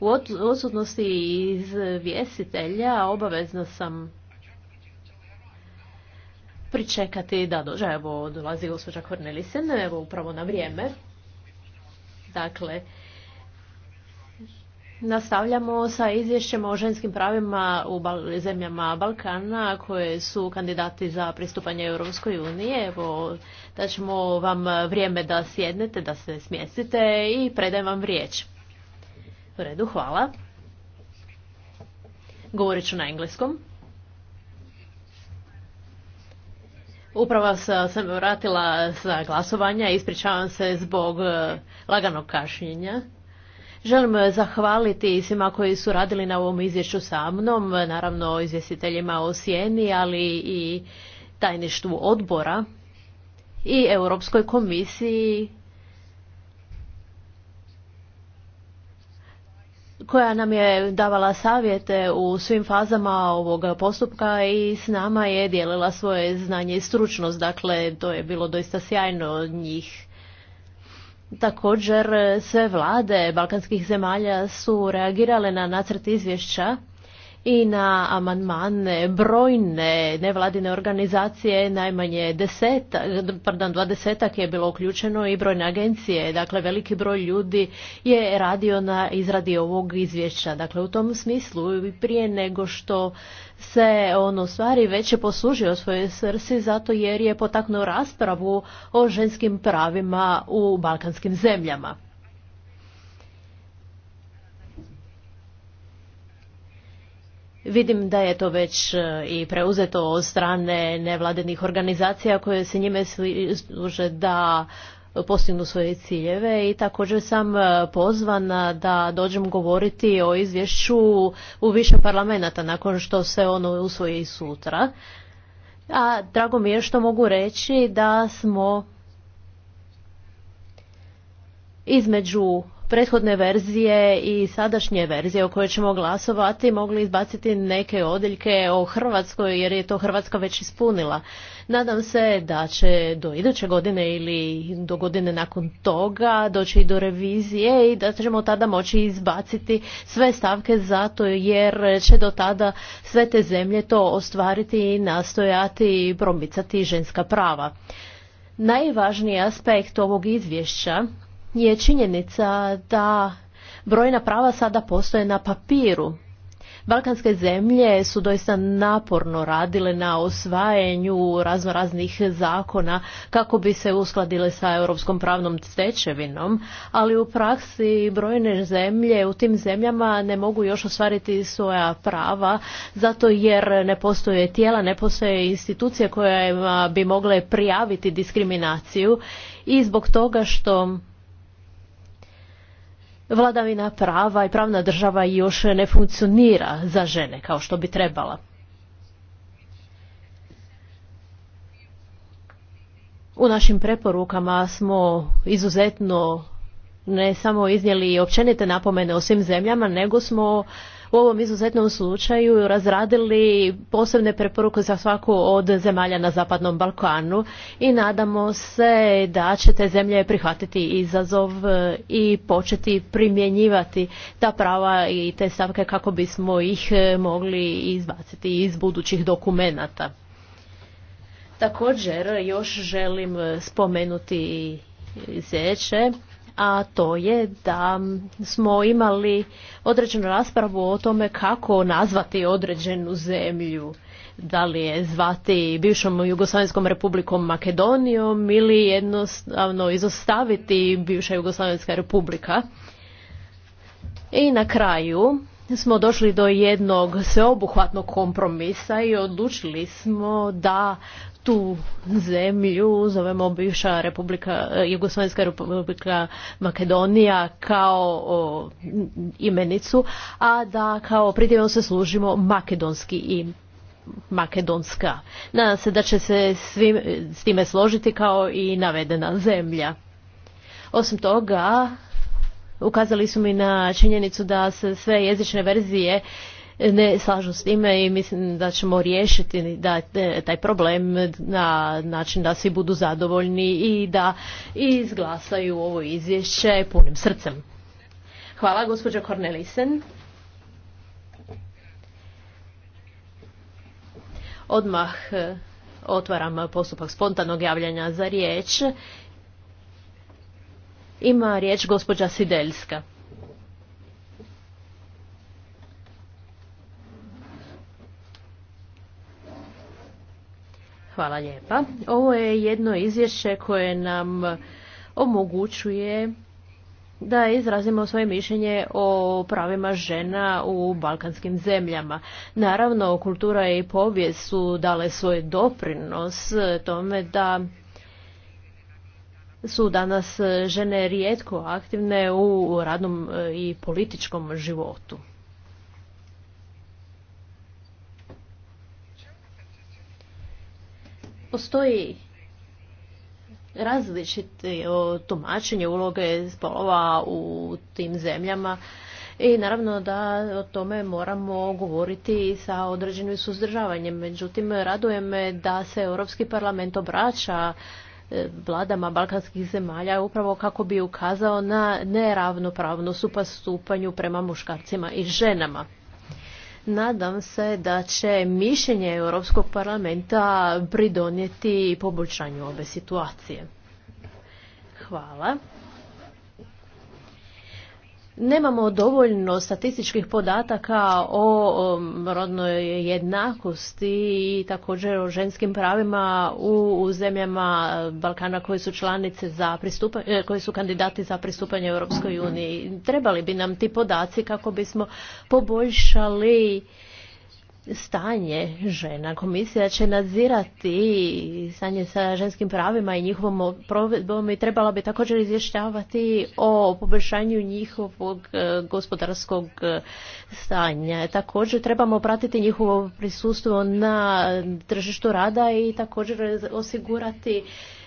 U odsutnosti izvjestitelja obavezna sam pričekati da dođe. Evo, dolazi gospođa Kornelisen, evo, upravo na vrijeme. Dakle, Nastavljamo sa izvješćem o ženskim pravima u zemljama Balkana koje su kandidati za pristupanje Europskoj uniji. Evo, da ćemo vam vrijeme da sjednete, da se smjestite i predajem vam riječ. U redu, hvala. Govorit ću na engleskom. Upravo sam vratila sa glasovanja, ispričavam se zbog eh, laganog kašnjenja. Želim zahvaliti svima koji su radili na ovom izvješću sa mnom, naravno izvjestiteljima o Sjeni, ali i tajništvu odbora i Europskoj komisiji koja nam je davala savjete u svim fazama ovog postupka i s nama je dijelila svoje znanje i stručnost. Dakle, to je bilo doista sjajno od njih. Također sve vlade balkanskih zemalja su reagirale na nacrt izvješća i na amandmane brojne nevladine organizacije, najmanje desetak, pardon, dvadesetak je bilo uključeno i brojne agencije. Dakle, veliki broj ljudi je radio na izradi ovog izvješća. Dakle, u tom smislu i prije nego što se on stvari već je poslužio svoje srsi zato jer je potaknuo raspravu o ženskim pravima u balkanskim zemljama. Vidim da je to već e, i preuzeto od strane nevladinih organizacija koje se njime služe da postignu svoje ciljeve i također sam e, pozvana da dođem govoriti o izvješću u više parlamenta nakon što se ono usvoji sutra. A drago mi je što mogu reći da smo između prethodne verzije i sadašnje verzije o kojoj ćemo glasovati mogli izbaciti neke odjeljke o Hrvatskoj jer je to Hrvatska već ispunila. Nadam se da će do iduće godine ili do godine nakon toga doći i do revizije i da ćemo tada moći izbaciti sve stavke zato jer će do tada sve te zemlje to ostvariti i nastojati i promicati ženska prava. Najvažniji aspekt ovog izvješća je činjenica da brojna prava sada postoje na papiru. Balkanske zemlje su doista naporno radile na osvajanju razno raznih zakona kako bi se uskladile sa europskom pravnom stečevinom, ali u praksi brojne zemlje u tim zemljama ne mogu još ostvariti svoja prava zato jer ne postoje tijela, ne postoje institucije koje bi mogle prijaviti diskriminaciju i zbog toga što vladavina prava i pravna država još ne funkcionira za žene kao što bi trebala. U našim preporukama smo izuzetno ne samo iznijeli općenite napomene o svim zemljama, nego smo u ovom izuzetnom slučaju razradili posebne preporuke za svaku od zemalja na Zapadnom Balkanu i nadamo se da će te zemlje prihvatiti izazov eh, i početi primjenjivati ta prava i te stavke kako bismo ih eh, mogli izbaciti iz budućih dokumenata. Također još želim eh, spomenuti sljedeće a to je da smo imali određenu raspravu o tome kako nazvati određenu zemlju. Da li je zvati bivšom Jugoslavenskom republikom Makedonijom ili jednostavno izostaviti bivša Jugoslavenska republika. I na kraju smo došli do jednog sveobuhvatnog kompromisa i odlučili smo da tu zemlju zovemo bivša republika, eh, Jugoslavenska republika Makedonija kao o, imenicu, a da kao pridjevom se služimo makedonski i makedonska. Nadam se da će se svim, eh, s time složiti kao i navedena zemlja. Osim toga, ukazali su mi na činjenicu da se sve jezične verzije ne slažu s time i mislim da ćemo riješiti da, e, taj problem na način da svi budu zadovoljni i da izglasaju ovo izvješće punim srcem. Hvala gospođo Kornelisen. Odmah e, otvaram postupak spontanog javljanja za riječ ima riječ gospođa Sidelska. Hvala lijepa. Ovo je jedno izvješće koje nam omogućuje da izrazimo svoje mišljenje o pravima žena u balkanskim zemljama. Naravno, kultura i povijest su dale svoj doprinos tome da su danas e, žene rijetko aktivne u radnom e, i političkom životu. Postoji različite tumačenje uloge spolova u tim zemljama i naravno da o tome moramo govoriti sa određenim suzdržavanjem. Međutim, radujem me da se Europski parlament obraća E, vladama balkanskih zemalja upravo kako bi ukazao na neravnopravno supastupanju prema muškarcima i ženama. Nadam se da će mišljenje Europskog parlamenta pridonijeti poboljšanju ove situacije. Hvala nemamo dovoljno statističkih podataka o rodnoj jednakosti i također o ženskim pravima u zemljama Balkana koje su članice za pristupanje, koje su kandidati za pristupanje Europskoj uniji. Trebali bi nam ti podaci kako bismo poboljšali stanje žena. Komisija će nadzirati stanje sa ženskim pravima i njihovom provedbom i trebala bi također izvještavati o poboljšanju njihovog e, gospodarskog e, stanja. Također trebamo pratiti njihovo prisustvo na tržištu rada i također osigurati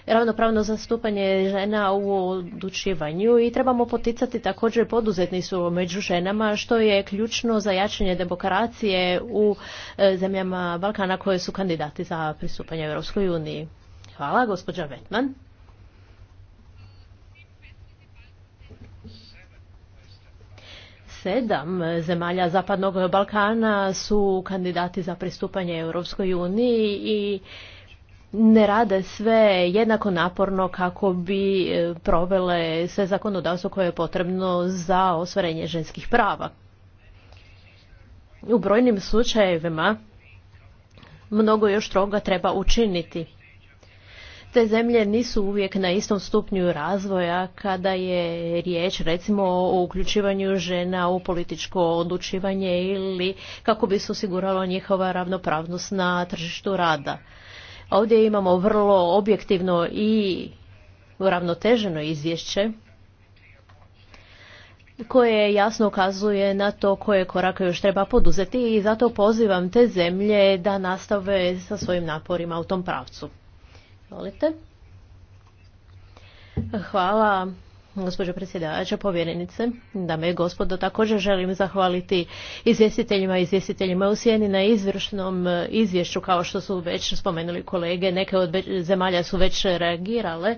ravnopravno zastupanje žena u odlučivanju i trebamo poticati također su među ženama što je ključno za jačanje demokracije u e, zemljama Balkana koje su kandidati za pristupanje Europskoj uniji. Hvala, gospođa Vetman. sedam zemalja Zapadnog Balkana su kandidati za pristupanje Europskoj uniji i ne rade sve jednako naporno kako bi e, provele sve zakonodavstvo koje je potrebno za osvarenje ženskih prava. U brojnim slučajevima mnogo još troga treba učiniti. Te zemlje nisu uvijek na istom stupnju razvoja kada je riječ recimo o uključivanju žena u političko odlučivanje ili kako bi se osiguralo njihova ravnopravnost na tržištu rada. Ovdje imamo vrlo objektivno i uravnoteženo izvješće koje jasno ukazuje na to koje korake još treba poduzeti i zato pozivam te zemlje da nastave sa svojim naporima u tom pravcu. Hvala Gospođo predsjedavajuća, povjerenice, dame i gospodo, također želim zahvaliti izvjestiteljima i izvjestiteljima u Sjeni na izvršnom e, izvješću, kao što su već spomenuli kolege, neke od zemalja su već reagirale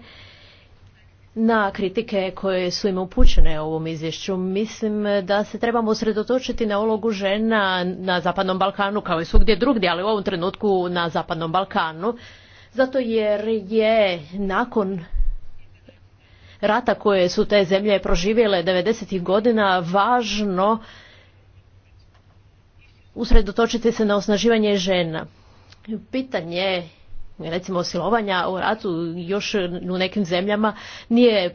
na kritike koje su im upućene u ovom izvješću. Mislim da se trebamo usredotočiti na ulogu žena na Zapadnom Balkanu, kao i svugdje drugdje, ali u ovom trenutku na Zapadnom Balkanu, zato jer je nakon rata koje su te zemlje proživjele 90. godina važno usredotočiti se na osnaživanje žena. Pitanje recimo silovanja u ratu još u nekim zemljama nije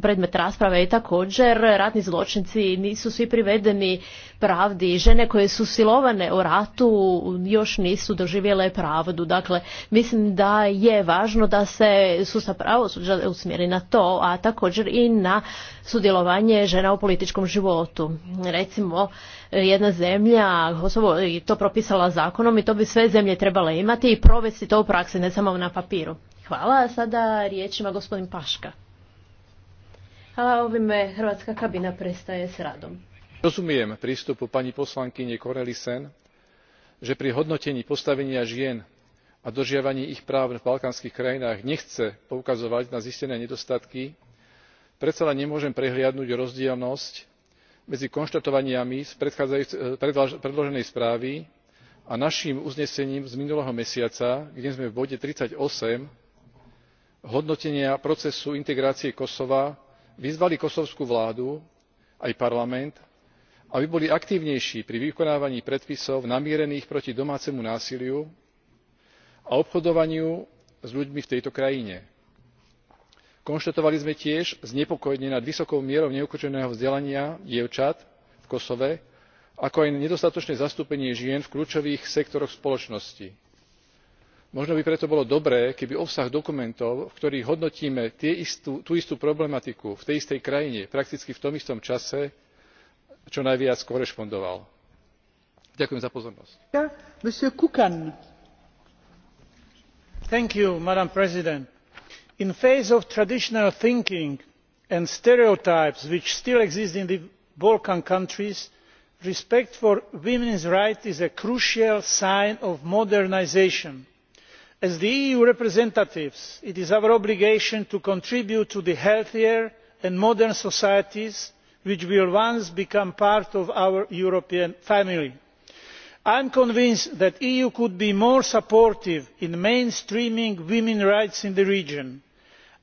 predmet rasprave i također ratni zločinci nisu svi privedeni pravdi. Žene koje su silovane u ratu još nisu doživjele pravdu. Dakle, mislim da je važno da se sustav pravosuđa usmjeri na to, a također i na sudjelovanje žena u političkom životu. Recimo, jedna zemlja osoba je to propisala zakonom i to bi sve zemlje trebale imati i provesti to u praksi, ne samo na papiru. Hvala. Sada riječima, gospodin Paška. Hvala ovime hrvatska kabina prestaje s radom. Rozumiem prístupu pani poslankyne Korelisen, že pri hodnotení postavenia žien a dodržiavaní ich práv v balkánskych krajinách nechce poukazovať na zistené nedostatky, predsa len nemôžem prehliadnuť rozdielnosť medzi konštatovaniami z predloženej správy a naším uznesením z minulého mesiaca kde sme v bode thirty eight hodnotenia procesu integrácie kosova vyzvali kosovskú vládu aj parlament aby boli aktívnejší pri vykonávaní predpisov namierených proti domácemu násiliu a obchodovaniu s ľuďmi v tejto krajine. konštatovali sme tiež znepokojenie nad vysokou mierou neukončeného vzdelania dievčat v kosove ako aj nedostatočné zastúpenie žien v kľúčových sektoroch spoločnosti možno by preto bolo dobré keby obsah dokumentov v ktorých hodnotíme tú istú problematiku v tej istej krajine prakticky v tom istom čase čo najviac korešpondoval. ďakujem za pozornosť. You, madam president in the face of traditional thinking and stereotypes which still exist in the balkan countries respect for women's rights is a crucial sign of modernization as the eu representatives it is our obligation to contribute to the healthier and modern societies which will once become part of our european family. i am convinced that the eu could be more supportive in mainstreaming women's rights in the region.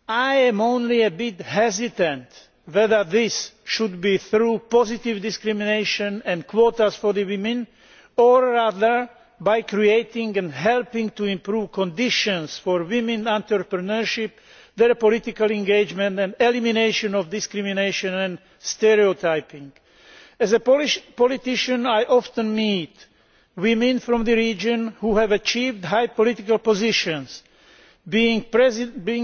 i am only a bit hesitant whether this should be through positive discrimination and quotas for women or rather by creating and helping to improve conditions for women's entrepreneurship their political engagement and elimination of discrimination and stereotyping. as a Polish politician i often meet women from the region who have achieved high political positions being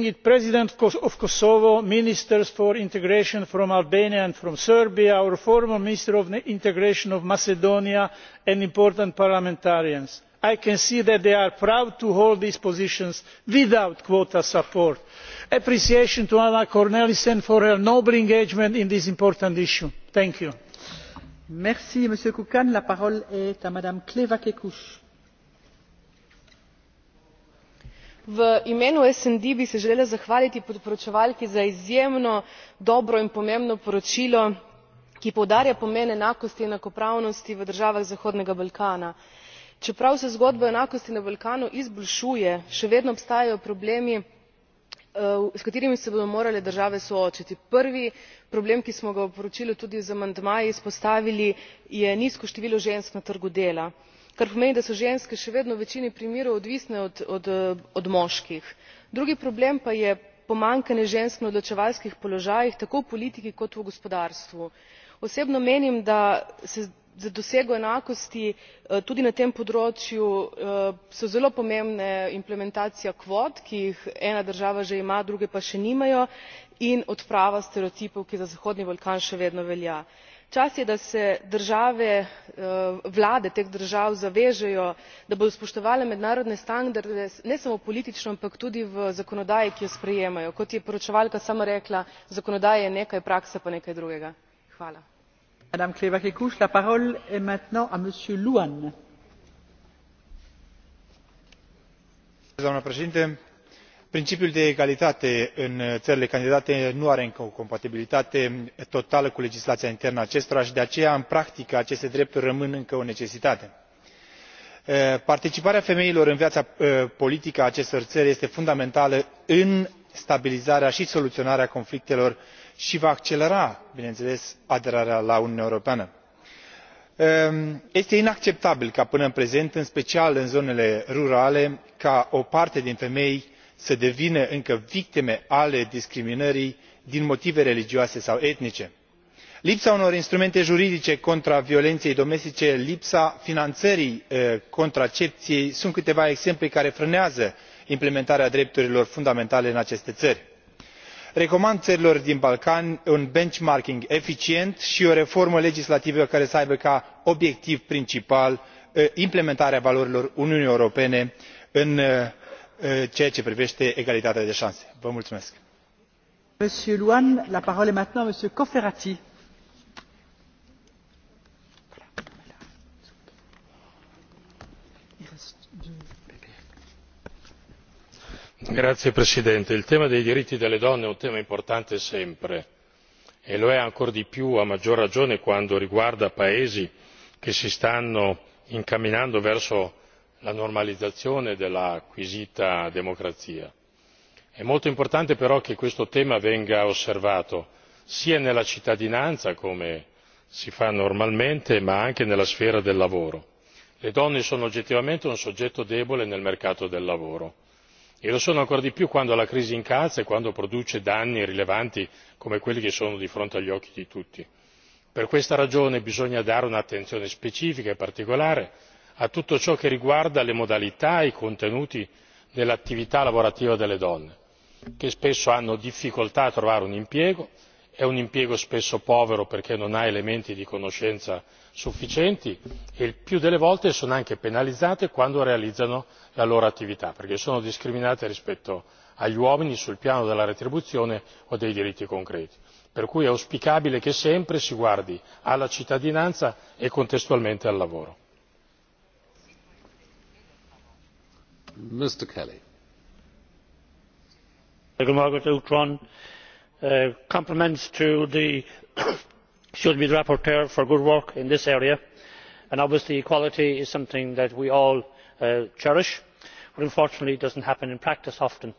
it president of kosovo ministers for integration from albania and from serbia our former minister of integration of macedonia and important parliamentarians i can see that they are proud to hold these positions without quota support. appreciation to anna cornelissen for her noble engagement in this important issue. thank you. v imenu sd bi se želela zahvaliti poročevalki za izjemno dobro in pomembno poročilo ki poudarja pomen enakosti in enakopravnosti v državah zahodnega balkana. čeprav se zgodba o enakosti na balkanu izboljšuje še vedno obstajajo problemi eh, s katerimi se bodo morale države soočiti. prvi problem ki smo ga v poročilu tudi z amandmaji izpostavili je nizko število žensk na trgu dela kar pomeni da so ženske še vedno v večini primerov odvisne od moških. drugi problem pa je pomanjkanje žensk na odločevalskih položajih tako v politiki kot v gospodarstvu. osebno menim da se za dosego enakosti eh, tudi na tem področju eh, so zelo pomembne implementacija kvot ki jih ena država že ima druge pa še nimajo in odprava stereotipov ki za zahodni balkan še vedno velja čas je da se države eh, vlade teh držav zavežejo da bodo spoštovale mednarodne standarde ne samo politično ampak tudi v zakonodaji ki jo sprejemajo. kot je poročevalka sama rekla zakonodaja je nekaj praksa pa nekaj drugega principiul de egalitate în uh, țările candidate nu are încă o compatibilitate um, totală cu legislația internă acestora și de aceea în practică aceste drepturi rămân încă o necesitate. Uh, participarea femeilor în viața uh, politică a acestor țări este fundamentală în stabilizarea și soluționarea conflictelor și va accelera bineînțeles aderarea la uniunea europeană. Um, este inacceptabil ca până în prezent în special în zonele rurale o parte din femei să devină încă victime ale discriminării din motive religioase sau etnice. lipsa unor instrumente juridice contra violenței domestice lipsa finanțării e, contracepției sunt câteva exemple care frânează implementarea drepturilor fundamentale în aceste țări. recomand țărilor din balcani un benchmarking eficient și o reformă legislativă care să aibă ca obiectiv principal e, implementarea valorilor uniunii europene în e, Eh, ceea ce privește egalitatea de șanse. Vă mulțumesc. signor presidente il tema dei diritti delle donne è un tema importante sempre e lo è ancor di più a maggior ragione quando riguarda paesi che si stanno incamminando verso la normalizzazione dell'acquisita democrazia. è molto importante però che questo tema venga osservato sia nella cittadinanza come si fa normalmente ma anche nella sfera del lavoro. le donne sono oggettivamente un soggetto debole nel mercato del lavoro e lo sono ancora di più quando la crisi incalza e quando produce danni rilevanti come quelli che sono di fronte agli occhi di tutti. per questa ragione bisogna dare un'attenzione specifica e particolare a tutto ciò che riguarda le modalità e i contenuti dell'attività lavorativa delle donne che spesso hanno difficoltà a trovare un impiego è un impiego spesso povero perché non ha elementi di conoscenza sufficienti e il più delle volte sono anche penalizzate quando realizzano la loro attività perché sono discriminate rispetto agli uomini sul piano della retribuzione o dei diritti concreti per cui è auspicabile che sempre si guardi alla cittadinanza e contestualmente al lavoro. Mr. Kelly. Uh, compliments to the the rapporteur for good work in this area and obviously equality is something that we all uh, cherish but unfortunately it does not happen in practice often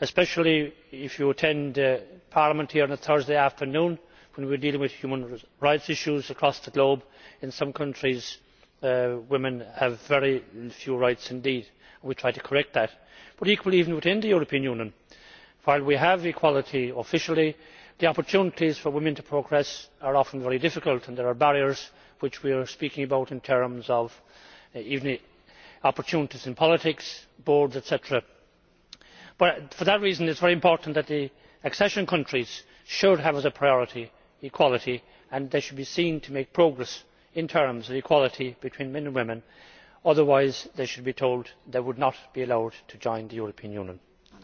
especially if you attend uh, parliament here on a thursday afternoon when we are dealing with human rights issues across the globe in some countries Uh, women have very few rights indeed. and we try to correct that. but equally even within the european union while we have equality officially the opportunities for women to progress are often very difficult and there are barriers which we are speaking about in terms of uh, even opportunities in politics boards etc. for that reason it is very important that the accession countries should have as a priority equality and they should be seen to make progress in terms of equality between men and women otherwise they should be told they would not be allowed to join the european union.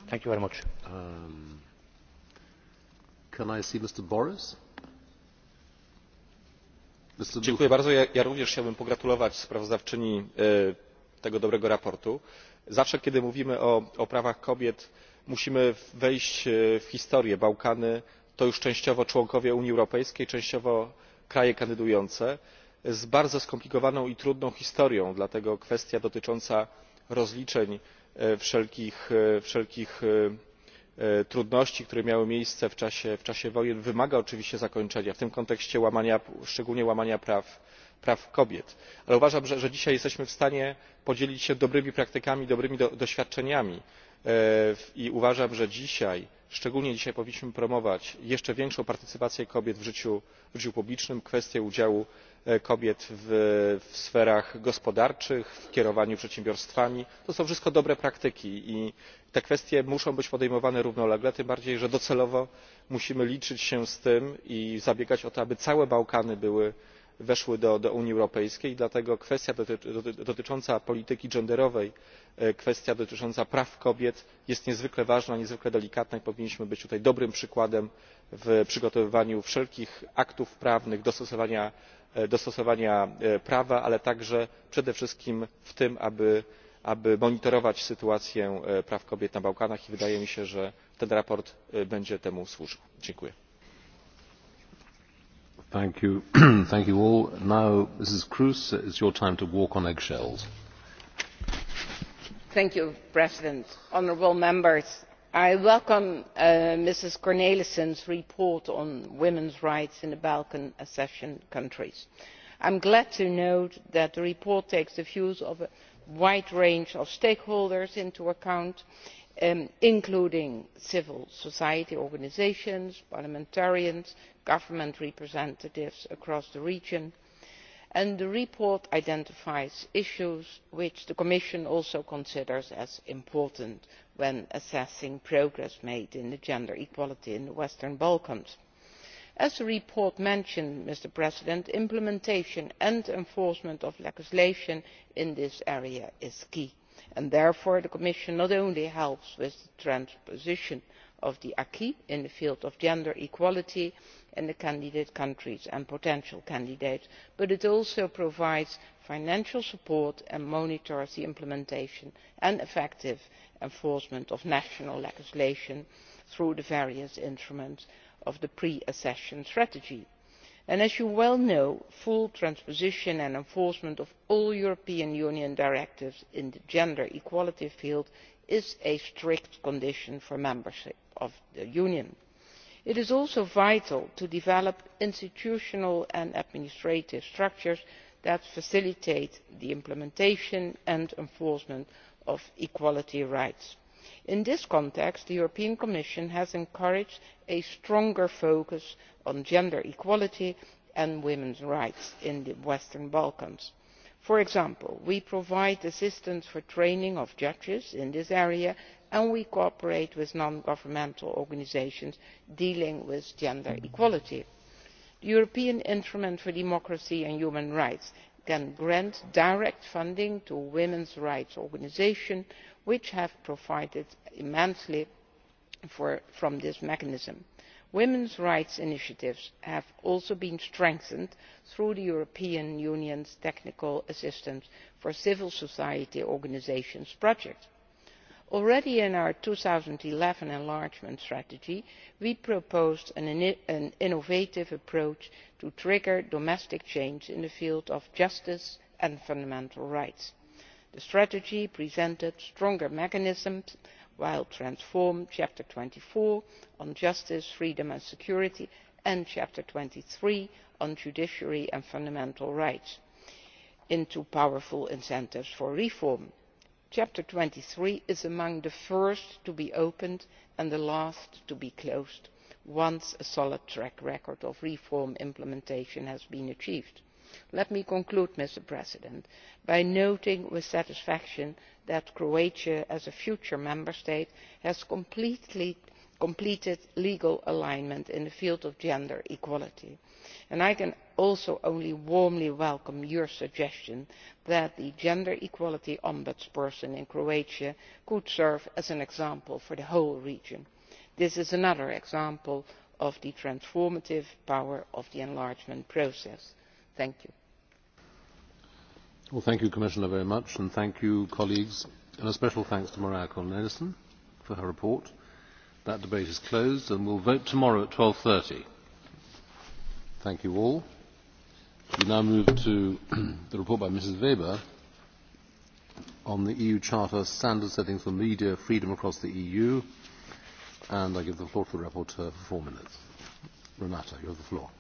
thank you very much. Um, ja również chciałbym pogratulować sprawozdawczyni e, tego dobrego sprawozdania. zawsze kiedy mówimy o prawach kobiet musimy wejść e, w historię. bałkany to już częściowo członkowie unii europejskiej częściowo kraje kandydujące z bardzo skomplikowaną i trudną historią dlatego kwestia dotycząca rozliczeń e, wszelkich e, e, trudności które miały miejsce w czasie wojen wymaga oczywiście zakończenia w tym kontekście szczególnie łamania praw kobiet ale uważam że dzisiaj jesteśmy w stanie podzielić się dobrymi praktykami dobrymi doświadczeniami i uważam że dzisiaj szczególnie dzisiaj powinniśmy promować jeszcze większą partycypację kobiet w życiu publicznym kwestię udziału E, kobiet w sferach gospodarczych w kierowaniu przedsiębiorstwami to są wszystko dobre praktyki i te kwestie muszą być podejmowane równolegle tym bardziej że docelowo musimy liczyć się z tym i zabiegać o to aby całe bałkany były weszły do unii europejskiej dlatego kwestia dotycząca polityki genderowej e, kwestia dotycząca praw kobiet jest niezwykle ważna niezwykle delikatna i powinniśmy być tutaj dobrym przykładem w przygotowywaniu wszelkich aktów prawnych dostosowania e, e, prawa ale także przede wszystkim w tym aby monitorować sytuację praw kobiet na bałkanach i wydaje mi się że to sprawozdanie będzie temu służyło. dziękuję. Thank you. Thank you all. Mrs. Cruz, it's your time to walk on eggshells. Thank President. Honourable members, I welcome Ms uh, Mrs. Cornelissen's report on women's rights in the Balkan accession countries. I am glad to note that the report takes the views of a wide range of stakeholders into account Um, including civil society organisations parliamentarians and government representatives across the region and the report identifies issues which the commission also considers as important when assessing progress made in gender equality in the western balkans. as the report mentioned, mentions implementation and enforcement of legislation in this area is key therefore the commission not only helps with the transposition of the acquis in the field of gender equality in the candidate countries and potential candidates but it also provides financial support and monitors the implementation and effective enforcement of national legislation through the various instruments of the pre accession strategy as you well know full transposition and enforcement of all european union directives in the gender equality field is a strict condition for membership of the union. it is also vital to develop institutional and administrative structures that facilitate the implementation and enforcement of equality rights in this context the European commission has encouraged a stronger focus on gender equality and women's rights in the western balkans. for example we provide assistance for training of judges in this area and we cooperate with non governmental organisations dealing with gender equality. the european instrument for democracy and human rights can grant direct funding to women's rights organisations which have profited immensely from this mechanism. women's rights initiatives have also been strengthened through the european union's technical assistance for civil society organisations project already in our two thousand and eleven enlargement strategy we proposed an innovative approach to trigger domestic change in the field of justice and fundamental rights. the strategy presented stronger mechanisms while transforming chapter twenty four on justice freedom and security and chapter twenty three on judiciary and fundamental rights into powerful incentives for reform chapter twenty three is among the first to be opened and the last to be closed once a solid track record of reform implementation has been achieved. let me conclude by noting with satisfaction that croatia as a future member state has completely completed legal alignment in the field of gender equality and i can also only warmly welcome your suggestion that the gender equality ombudsperson in croatia could serve as an example for the whole region. this is another example of the transformative power of the enlargement process. thank you. thank you commissioner very much and thank you colleagues and a special thanks to mariya nielsen for her report. That debate is closed and will vote tomorrow at 12.30. Thank you all. We now move to the report by Mrs. Weber on the EU Charter standard setting for media freedom across the EU. And I give the floor to the rapporteur for four minutes. Renata, you have the floor.